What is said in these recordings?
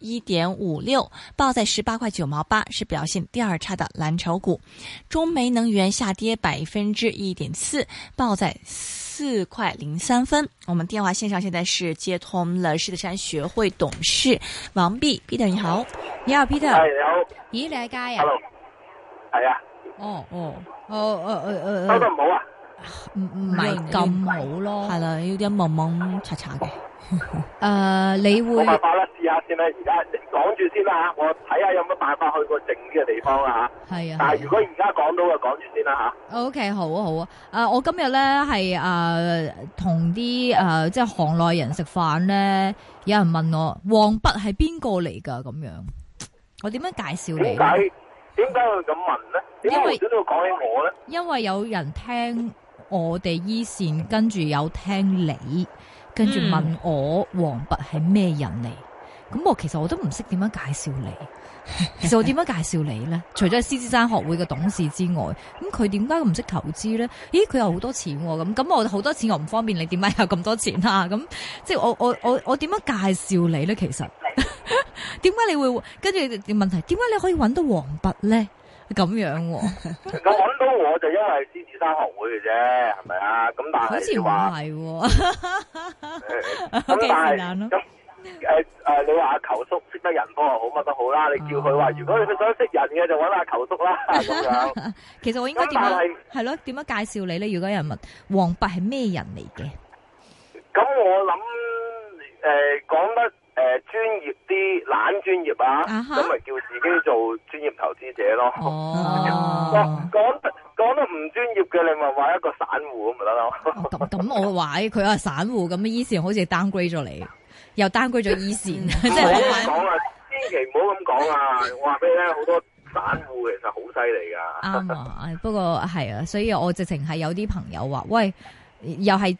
一點五六，報在十八塊九毛八，是表現第二差的藍籌股。中煤能源下跌百分之一點四，報在四塊零三分。我們電話線上現在是接通了獅子山學會董事王弼，Peter，你好。你好，Peter。你好。咦，你喺街啊？Hello。係啊。哦哦哦哦哦哦。收好啊？唔唔係咁好咯，係啦，要啲蒙蒙查查嘅。誒、 呃，你會我辦法啦，試下先啦。而家你講住先啦、啊、吓，我睇下有乜辦法去個靜嘅地方啊。係啊，但係如果而家講到嘅，講住先啦吓。O K，好啊好啊。誒，我今日咧係誒同啲誒即係行內人食飯咧，有人問我王弼係邊個嚟噶咁樣，我點樣介紹你呢？點解？點解會咁問咧？為都呢因為點解講起我咧？因為有人聽。我哋依線跟住有聽你，跟住問我王弼係咩人嚟？咁、嗯、我其實我都唔識點樣介紹你。 其實我點樣介紹你呢？除咗係獅子山學會嘅董事之外，咁佢點解唔識投資呢？咦，佢有好多錢咁，咁我好多錢我唔方便。你點解有咁多錢啊？咁、啊、即係我我我我點樣介紹你呢？其實點解 你會跟住問題？點解你可以揾到王弼呢？咁樣，我揾到我就因為獅子山學會嘅啫，係咪啊？咁但係好似話係，好難咯，咁、呃、Okay, 但係咁誒誒，你話阿球叔識得人多又好乜都好啦，你叫佢話，如果你想識人嘅就搵阿球叔啦咁 其實我應該點樣係咯？點是樣介紹你咧？如果有人問王弼係咩人嚟嘅？咁、嗯、我諗誒講得。誒，專業啲，懶專業啊，咁咪、uh huh。叫自己做專業投資者咯。講講得講得唔專業嘅，你咪話一個散戶咁咪得咯。咁咁、啊、我話佢話散戶，咁依線好似 downgrade 咗你，又 downgrade 咗依線。即係我講啊， 千祈唔好咁講啊！我話俾你聽，好多散戶其實好犀利噶。啱啊， 不過係啊，所以我直情係有啲朋友話，喂，又係。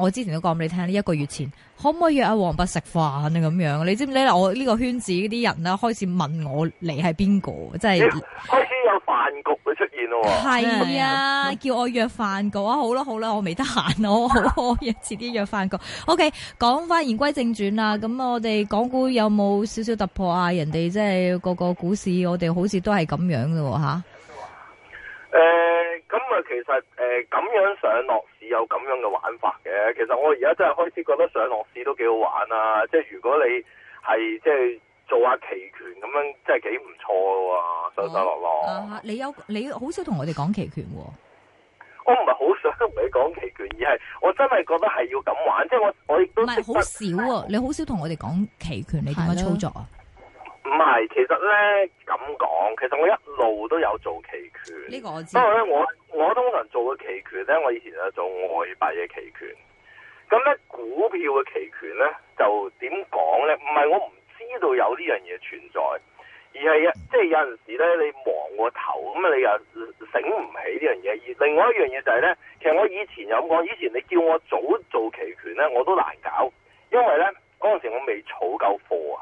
我之前都講俾你聽，呢一個月前可唔可以約阿王弼食飯啊？咁樣，你知唔知咧？我呢個圈子啲人咧，開始問我你係邊個，即係開始有飯局嘅出現咯。係啊， 叫我約飯局啊，好啦好啦，我未得閒，我好我遲啲 約飯局。OK，講翻言歸正傳啦，咁我哋港股有冇少少突破啊？人哋即係個個股市，我哋好似都係咁樣嘅吓，啊。誒，咁啊，其實誒咁、呃、樣上落。其實我而家真係開始覺得上落市都幾好玩啊！即係如果你係即係做下期權咁樣，真係幾唔錯嘅上上落落。你有你好少同我哋講期權喎、啊？我唔係好想同你講期權，而係我真係覺得係要咁玩。即係我我亦都唔係好少啊！唉你好少同我哋講期權，的你點樣操作啊？唔係，其實咧咁講，其實我一路都有做期權。呢個我知。不過咧，我我通常做嘅期權咧，我以前係做外幣嘅期權。咁咧股票嘅期權咧，就點講咧？唔係我唔知道有呢樣嘢存在，而係啊，即係有陣時咧，你忙過頭，咁啊你又醒唔起呢樣嘢。而另外一樣嘢就係咧，其實我以前又咁講，以前你叫我早做期權咧，我都難搞，因為咧嗰陣時我未儲夠貨啊。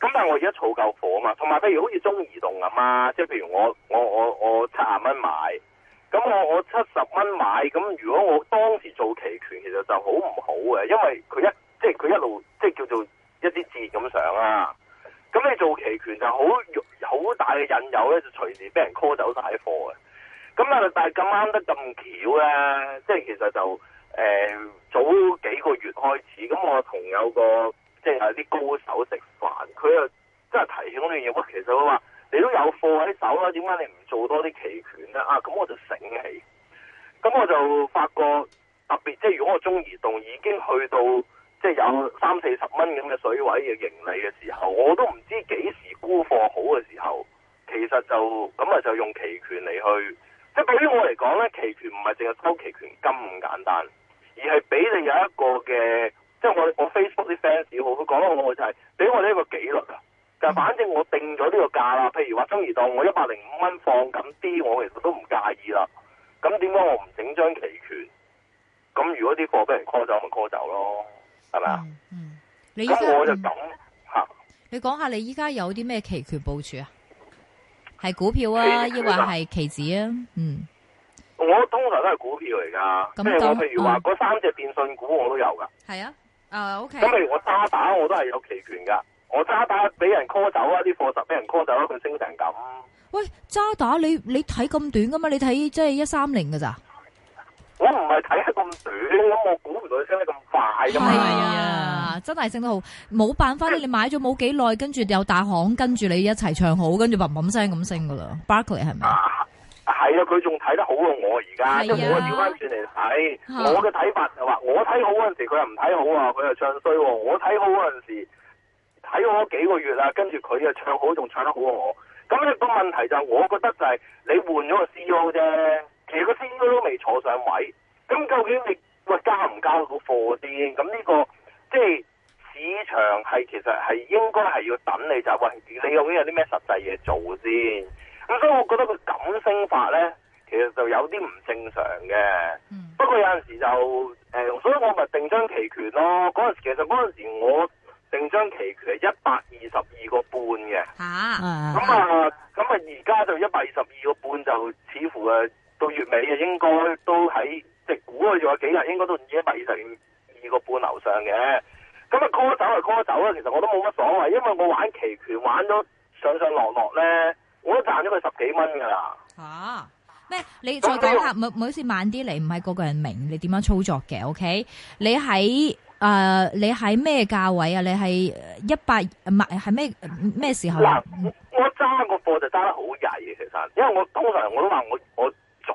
咁但係我而家儲夠貨啊嘛，同埋譬如好似中移動咁啊，即係譬如我我我我七十蚊買。咁我我七十蚊買，咁如果我當時做期權，其實就好唔好嘅，因為佢一即係佢一路即係叫做一啲字咁上啊。咁你做期權就好好大嘅引誘咧，就隨時俾人 call 走大貨嘅。咁但係但係咁啱得咁巧咧，即係其實就誒、欸、早幾個月開始，咁我同有個即係啲高手食飯，佢又真係提醒呢樣嘢：「喂，其實話。你都有貨喺手啦，點解你唔做多啲期權呢？啊，咁我就醒起，咁我就發覺特別，即係如果我中移動已經去到即係有三四十蚊咁嘅水位嘅盈利嘅時候，我都唔知幾時沽貨好嘅時候，其實就咁啊，就用期權嚟去。即係對於我嚟講呢，期權唔係淨係收期權咁簡單，而係俾你有一個嘅，即係我我 Facebook 啲 fans 好，佢講得好就係、是、俾我呢一個紀律啊。就反正我定咗呢個價啦，譬如話中移動我一百零五蚊放咁啲，我其實都唔介意啦。咁點解我唔整張期權？咁如果啲貨俾人 call 走，咪 call 走咯，係咪啊？嗯，你咁我就咁吓、嗯。你講下你依家有啲咩期權部署啊？係股票啊，抑或係期指啊，啊？嗯，我通常都係股票嚟噶。咁、嗯、譬如話嗰、嗯、三隻電訊股我都有噶。係啊，誒、uh, OK。咁譬如我渣打我都係有期權噶。我揸打俾人 call 走啊，啲貨就俾人 call 走啊，佢升成咁。喂，揸打你你睇咁短噶嘛？你睇即係一三零噶咋？我唔係睇得咁短，我估唔到佢升得咁快噶嘛。係啊，真係升得好，冇辦法咧。你買咗冇幾耐，跟住又大行跟住你一齊唱好，跟住嘭嘭聲咁升噶啦。Barclay 係咪？係啊，佢仲睇得好過、啊、我而家。即係、啊、我調翻轉嚟睇，我嘅睇法就話我睇好嗰陣時，佢又唔睇好啊，佢又唱衰。我睇好嗰陣時。睇、哎、我幾個月啦，跟住佢又唱好，仲唱得好過我。咁你個問題就係，我覺得就係、是、你換咗個 CEO 啫，其實個 CEO 都未坐上位。咁究竟你喂、哎、加唔加到貨先？咁呢、這個即係、就是、市場係其實係應該係要等你就喂、是哎，你究竟有啲咩實際嘢做先？咁所以，我覺得佢咁升法咧，其實就有啲唔正常嘅。不過有陣時就誒、哎，所以我咪定張期權咯。嗰陣時其實嗰陣時我。定張期權係一百二十二個半嘅，吓咁啊，咁啊，而家、啊啊、就一百二十二個半就似乎誒到月尾啊，直了應該都喺即係估佢仲有幾日，應該都已經一百二十二個半樓上嘅。咁啊，call 走係 call 走啦，其實我都冇乜所謂，因為我玩期權玩咗上上落落咧，我都賺咗佢十幾蚊噶啦。吓咩、啊？你再講下，唔唔好意思，慢啲嚟，唔係個個人明你點樣操作嘅。O、okay? K，你喺。誒、呃，你喺咩價位啊？你係一百買係咩咩時候嗱、啊呃，我我揸個貨就揸得好曳嘅，其實，因為我通常我都話我我早，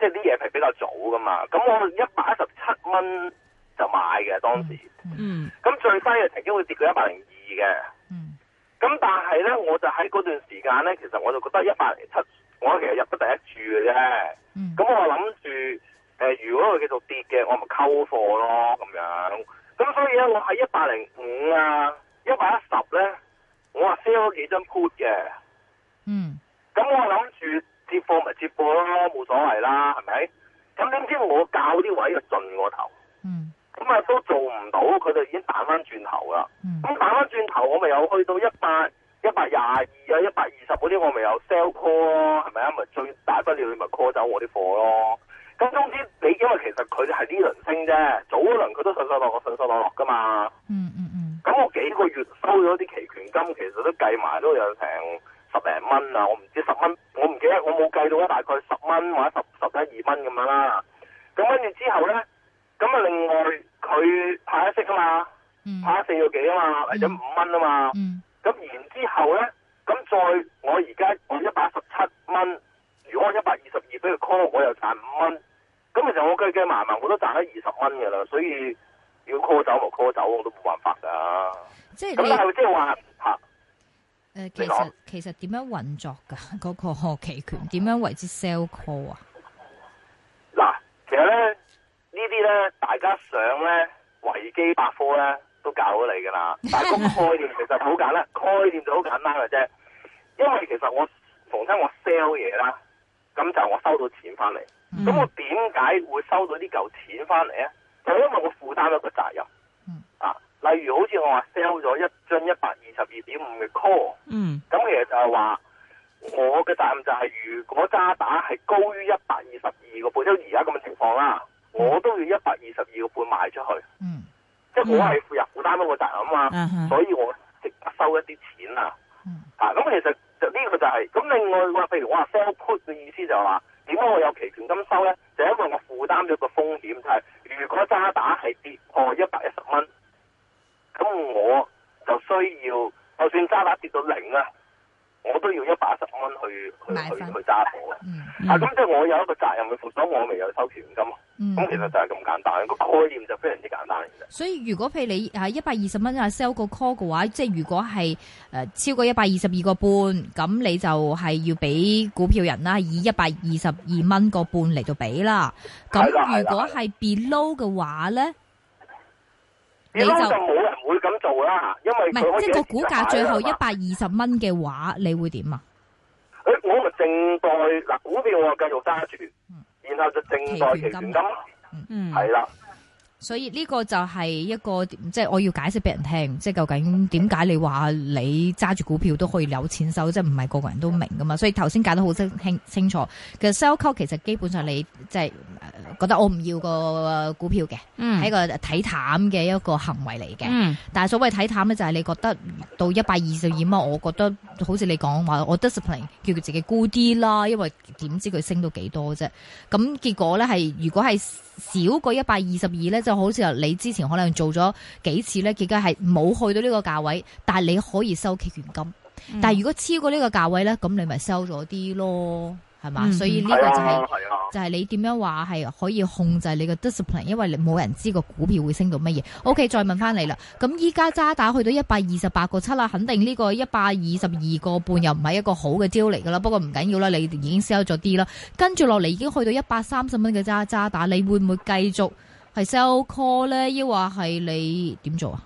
即係啲嘢係比較早噶嘛。咁我一百一十七蚊就買嘅當時。嗯。咁最低嘅曾經會跌到一百零二嘅。嗯。咁、嗯、但係咧，我就喺嗰段時間咧，其實我就覺得一百零七，我其實入咗第一注嘅啫。咁、嗯、我諗住誒，如果佢繼續跌嘅，我咪溝貨咯，咁樣。我喺一百零五啊，一百一十咧，我話 sell 咗幾張 put 嘅。嗯，咁我諗住接貨咪接貨咯，冇所謂啦，係咪？咁點知我教啲位又進過頭，嗯，咁啊都做唔到，佢哋已經彈翻轉頭啦，嗯，咁彈翻轉頭我咪有去到一百一百廿二啊，一百二十嗰啲我咪有 sell call 咯，係咪啊？咪最大不了你咪，就是、call 走我啲貨咯。咁總之，中你因為其實佢係呢輪升啫，早一輪佢都順手落我順手落落噶嘛。嗯嗯嗯。咁、hmm. 我幾個月收咗啲期權金，其實都計埋都有成十零蚊啊！我唔知十蚊，我唔記得，我冇計到啊！大概十蚊或者十十一二蚊咁樣啦。咁跟住之後咧，咁啊另外佢派一息啊嘛，派咗四個幾啊嘛，mm hmm. 或者五蚊啊嘛。咁、mm hmm. 然之後咧，咁再我而家我一百一十七蚊。如果我一百二十二俾佢 call，我又賺五蚊，咁其實我計計埋埋，我都賺咗二十蚊噶啦，所以要 call 走咪 call 走，我都冇辦法噶。即係你，即係話吓，誒、呃，其實說其實點樣運作噶？嗰、嗰個期權點樣為之 sell call 啊？嗱，其實咧呢啲咧，大家上咧維基百科咧都教咗你噶啦，但係嗰個概念其實好簡單，概念 就好簡單嘅啫。因為其實我逢親我 sell 嘢啦。咁就我收到錢翻嚟，咁、嗯、我點解會收到呢嚿錢翻嚟咧？就因為我負擔一個責任，嗯、啊，例如好似我話 sell 咗一張一百二十二點五嘅 call，咁、嗯、其實就係話我嘅責任就係，如果渣打係高於一百二十二個半，即係而家咁嘅情況啦，我都要一百二十二個半賣出去，即係、嗯、我係負入負擔一個責任啊嘛，嗯、所以我收一啲錢、嗯、啊，啊咁其實。呢個就係、是、咁，那另外話，譬如我話 sell put 嘅意思就係話，點解我有期權金收咧？就係因為我負擔咗個風險，就係、是、如果渣打係跌破一百一十蚊，咁我就需要，就算渣打跌到零啊。我都要一百一十蚊去買分去去去揸、嗯嗯、啊！咁即係我有一個責任去負，所以我未有收權金嘛。咁、嗯、其實就係咁簡單，個概念就非常之簡單。所以如果譬如你係一百二十蚊啊 sell 個 call 嘅話，即係如果係超過一百二十二個半，咁你就係要俾股票人啦，以一百二十二蚊個半嚟到俾啦。咁的如果係 below 嘅話咧，你就。咁做啦，因為唔係即係個股價最後一百二十蚊嘅話，你會點啊？誒、哎，我咪淨代，嗱、啊，股票我繼續揸住，然後就淨期其金。嗯，係啦、嗯。所以呢個就係一個即係我要解釋俾人聽，即係究竟點解你話你揸住股票都可以有錢收，即係唔係個個人都明噶嘛？所以頭先解得好清清楚。其實 sell call 其實基本上你即係覺得我唔要個股票嘅，係、嗯、一個睇淡嘅一個行為嚟嘅。但係所謂睇淡咧，就係你覺得到一百二十二蚊，我覺得。好似你講話，我 discipline 叫佢自己沽啲啦，因為點知佢升到幾多啫？咁結果咧係如果係少過一百二十二咧，就好似你之前可能做咗幾次咧，結果係冇去到呢個價位，但你可以收期權金。嗯、但如果超過呢個價位咧，咁你咪收咗啲咯。係嘛？嗯、所以呢個就係、是啊啊、就係你點樣話係可以控制你個 discipline，因為你冇人知個股票會升到乜嘢。OK，再問翻你啦。咁依家渣打去到一百二十八個七啦，肯定呢個一百二十二個半又唔係一個好嘅招嚟噶啦。不過唔緊要啦，你已經 sell 咗啲啦。跟住落嚟已經去到一百三十蚊嘅渣渣打，你會唔會繼續係 sell call 咧？抑或係你點做啊？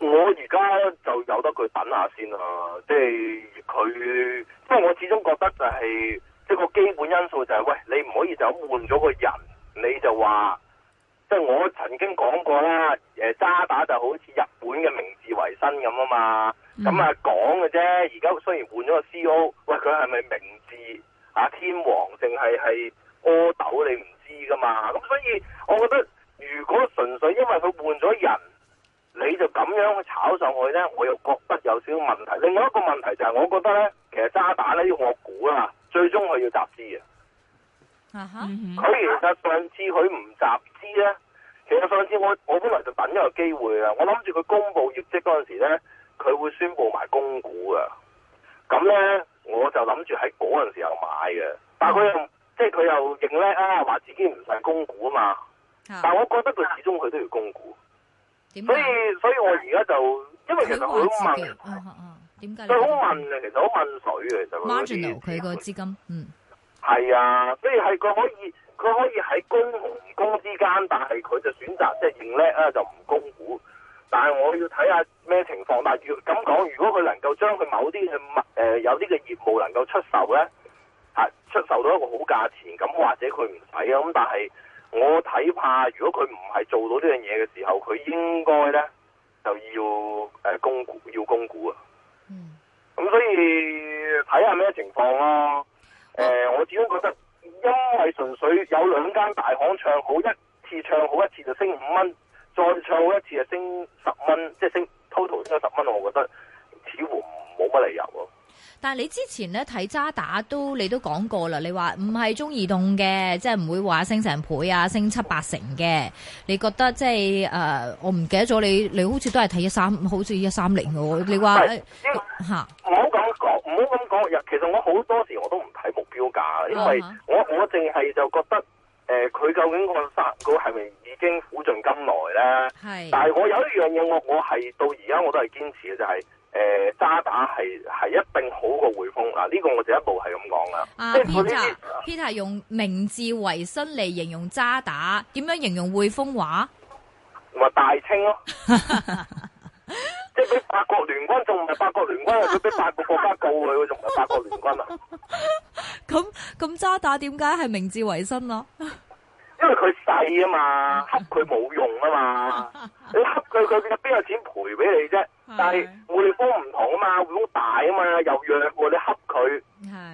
我而家就由得佢等下先啦，即係佢，不過我始終覺得就係、是。一個基本因素就係、是、喂，你唔可以就咁換咗個人，你就話即係我曾經講過啦，誒、呃、渣打，就好似日本嘅明治維新咁啊嘛，咁啊講嘅啫。而家雖然換咗個 CEO，e 喂佢係咪明治啊天皇定係係阿斗你唔知噶嘛？咁所以我覺得如果純粹因為佢換咗人，你就咁樣去炒上去呢，我又覺得有少少問題。另外一個問題就係我覺得呢，其實渣打呢，要我估啦。最終佢要集資嘅，佢、uh huh. 其實上次佢唔集資呢，其實上次我我本來就等一個機會啊！我諗住佢公布業績嗰陣時咧，佢會宣布埋供股嘅，咁呢，我就諗住喺嗰陣時候買嘅。但佢又、uh huh. 即係佢又認叻啊，話自己唔使供股啊嘛。Uh huh. 但我覺得佢始終佢都要供股、uh huh. 所。所以所以我而家就因為其實佢都問。佢好問嘅，其實好問水嘅，其實。佢個資金，嗯，係啊，所以係佢可以，佢可以喺供同唔供之間，但係佢就選擇即係認叻啊，就唔、是、供股。但係我要睇下咩情況。但係要咁講，如果佢能夠將佢某啲嘅物誒，有啲嘅業務能夠出售咧，吓出售到一個好價錢，咁或者佢唔使啊。咁但係我睇怕，如果佢唔係做到呢樣嘢嘅時候，佢應該咧就要誒供股，要供股啊。咁、嗯、所以睇下咩情況咯、啊。誒、呃，我始終覺得，因為純粹有兩間大行唱好一次，唱好一次就升五蚊，再唱好一次就升十蚊，即係升 total 升咗十蚊。我覺得似乎冇乜理由、啊。但係你之前咧睇渣打都，你都講過啦。你話唔係中移動嘅，即係唔會話升成倍啊，升七八成嘅。你覺得即係誒、呃，我唔記得咗你，你好似都係睇一三，好似一三零，嘅。你話？唔好咁講，唔好咁講。其實我好多時我都唔睇目標價，因為我我淨係就覺得，誒、呃，佢究竟個三股係咪已經苦盡甘來咧？係是。但係我有一樣嘢，我我係到而家我都係堅持嘅，就係、是、誒、呃、渣打係係一定好過匯豐嗱。呢、這個我第一步係咁講啦。即係 Peter Peter 用明治維新嚟形容渣打，點樣形容匯豐話？大清咯、啊。 俾八國聯軍，仲唔係八國聯軍啊？佢俾八個國家告佢，仲唔係八國聯軍啊？咁咁 渣打點解係明治維新咯？因為佢細啊嘛，恰佢冇用啊嘛，你恰佢，佢邊有錢賠俾你啫？但係匯豐唔同啊嘛，匯豐大啊嘛，又弱喎，你恰佢，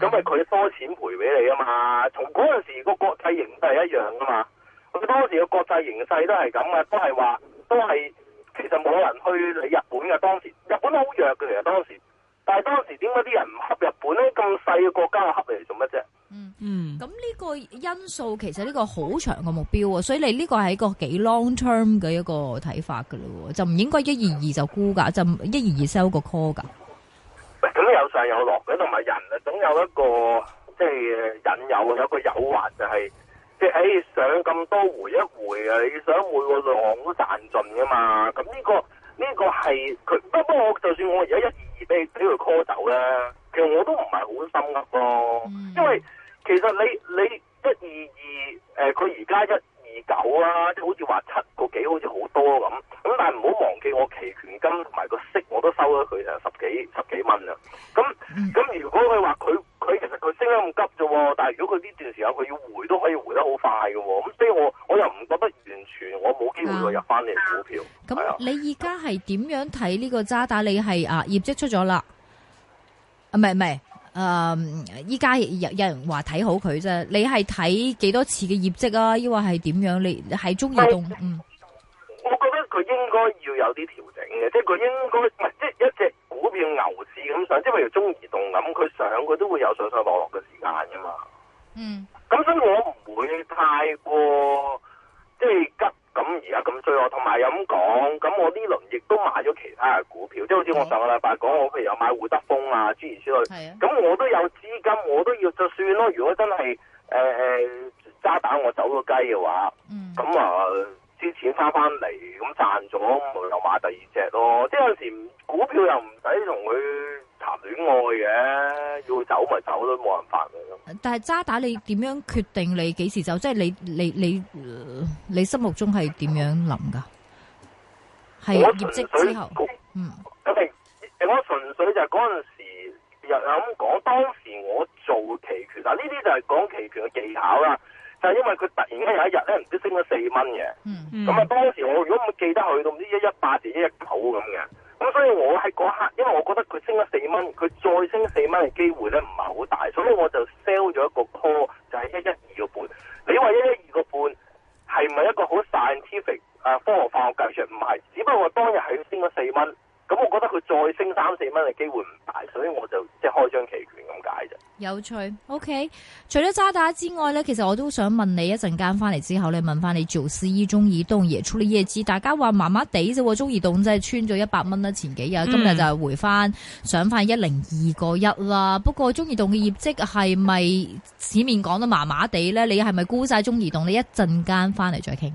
咁咪佢多錢賠俾你啊嘛？從嗰陣時個國際形勢一樣噶嘛，佢當時個國際形勢都係咁噶，都係話都係。其實冇人去理日本嘅當時，日本都好弱嘅其實當時，但係當時點解啲人唔恰日本咧？咁細嘅國家恰嚟做乜啫？嗯嗯，咁呢個因素其實呢個好長嘅目標啊，所以你呢個係一個幾 long term 嘅一個睇法，噶啦，就唔應該一而二就沽噶，就一而二收個 call 噶。咁有上有落嘅，同埋人啊，總有一個即係、就是、引誘，有一個誘惑就係、是。即係上咁多回一回啊！你想每個行都賺盡噶嘛？咁呢、這個呢、這個係佢不不過，就算我而家一二二俾俾佢 call 走咧，其實我都唔係好心急咯。因為其實你你一二二誒，佢而家一二九啦，即係好似話七個幾好，好似好多咁。咁但係唔好忘記我期權金同埋個息，我都收咗佢十幾十幾蚊啊。咁咁如果佢話佢佢其實佢升得咁急啫，但係如果佢呢段時間佢要回都可以回。股票，咁你而家係點樣睇呢個渣打？你係啊，業績出咗啦，啊唔係唔係，誒，依家有有人話睇好佢啫。你係睇幾多次嘅業績啊？抑或係點樣？你係中移動？是嗯，我覺得佢應該要有啲調整嘅，即係佢應該唔係，即係、就是、一隻股票牛市咁上，即係譬如中移動咁，佢上佢都會有上上落落嘅時間噶嘛。嗯，咁所以我唔會太過即係、就是咁而家咁衰，這這我同埋咁講，咁我呢輪亦都買咗其他嘅股票，即係好似我上個禮拜講，我譬如有買會德豐啊，諸如此類。係。咁、啊、我都有資金，我都要就算咯。如果真係誒誒渣打我走咗雞嘅話，咁、嗯、啊，啲錢花翻嚟，咁賺咗，咁咪又買第二隻咯。即係有陣時股票又唔使同佢談戀愛嘅，要走咪走都冇辦法。但係渣打你點樣決定你幾時走？即係你你你。你你你心目中係點樣諗噶係業績之後，嗯，係我純粹就係嗰陣時又咁講，當時我做期權，嗱呢啲就係講期權嘅技巧啦。就係、是、因為佢突然間有一日咧唔知升咗四蚊嘅，咁啊、嗯，當時我如果唔記得去到唔知一一八定一一九咁嘅，咁所以我喺嗰刻，因為我覺得佢升咗四蚊，佢再升四蚊嘅機會咧唔係好大，所以我就 sell 咗一個 call，就係一一二個半。你話一一二個半？係唔係一個好 scientific 科學化學計算？唔係，只不過我當日係升咗四蚊。咁、嗯、我覺得佢再升三四蚊嘅機會唔大，所以我就即係開張期權咁解啫。有趣，OK。除咗渣打之外咧，其實我都想問你一陣間翻嚟之後咧，問翻你做 C E 中移動，夜出啲嘢知，大家話麻麻地啫喎。中移動真係穿咗一百蚊啦，前幾日、嗯、今日就係回翻上翻一零二個一啦。不過中移動嘅業績係咪市面講得麻麻地咧？你係咪估晒中移動？你一陣間翻嚟再傾。